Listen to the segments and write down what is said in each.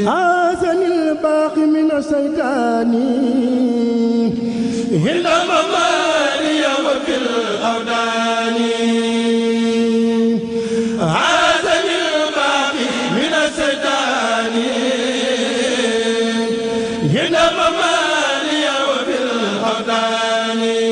asanil baaqi mina saytaani hinda mamaariya wa fil awdaani asanil baaqi mina saytaani hinda mamaariya wa fil awdaani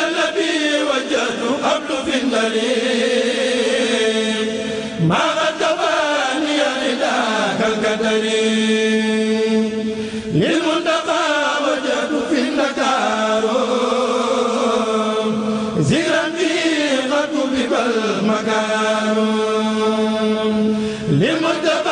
النبي وجهت قبل في النبي li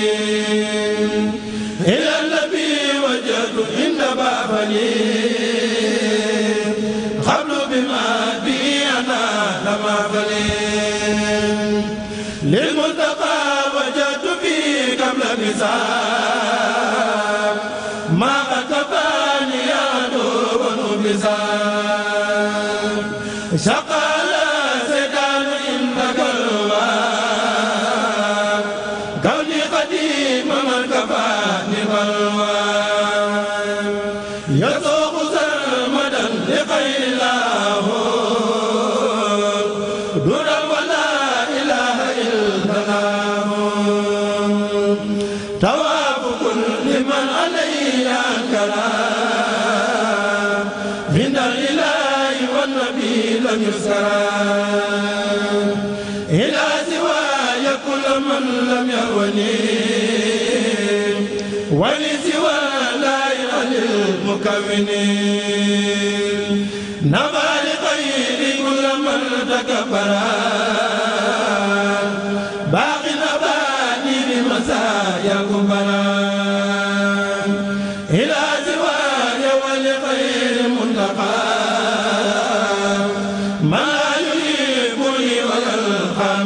Saqa لمن علي أنكرا من الإله والنبي لم يسرا إلى سواي كل من لم يهوني ولسوى لا إله المكون نبى لغير كل من تكبرا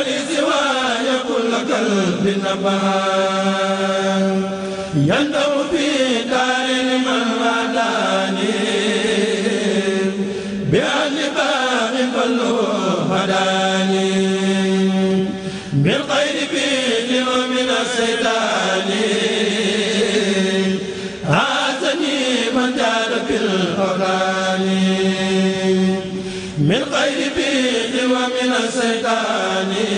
ولسواي كل قلب نبها يندم في دار من وداني بأن باب كله هداني بالخير فيه من الشيطان هاتني من جاد في الأوران من خير فيه seytaani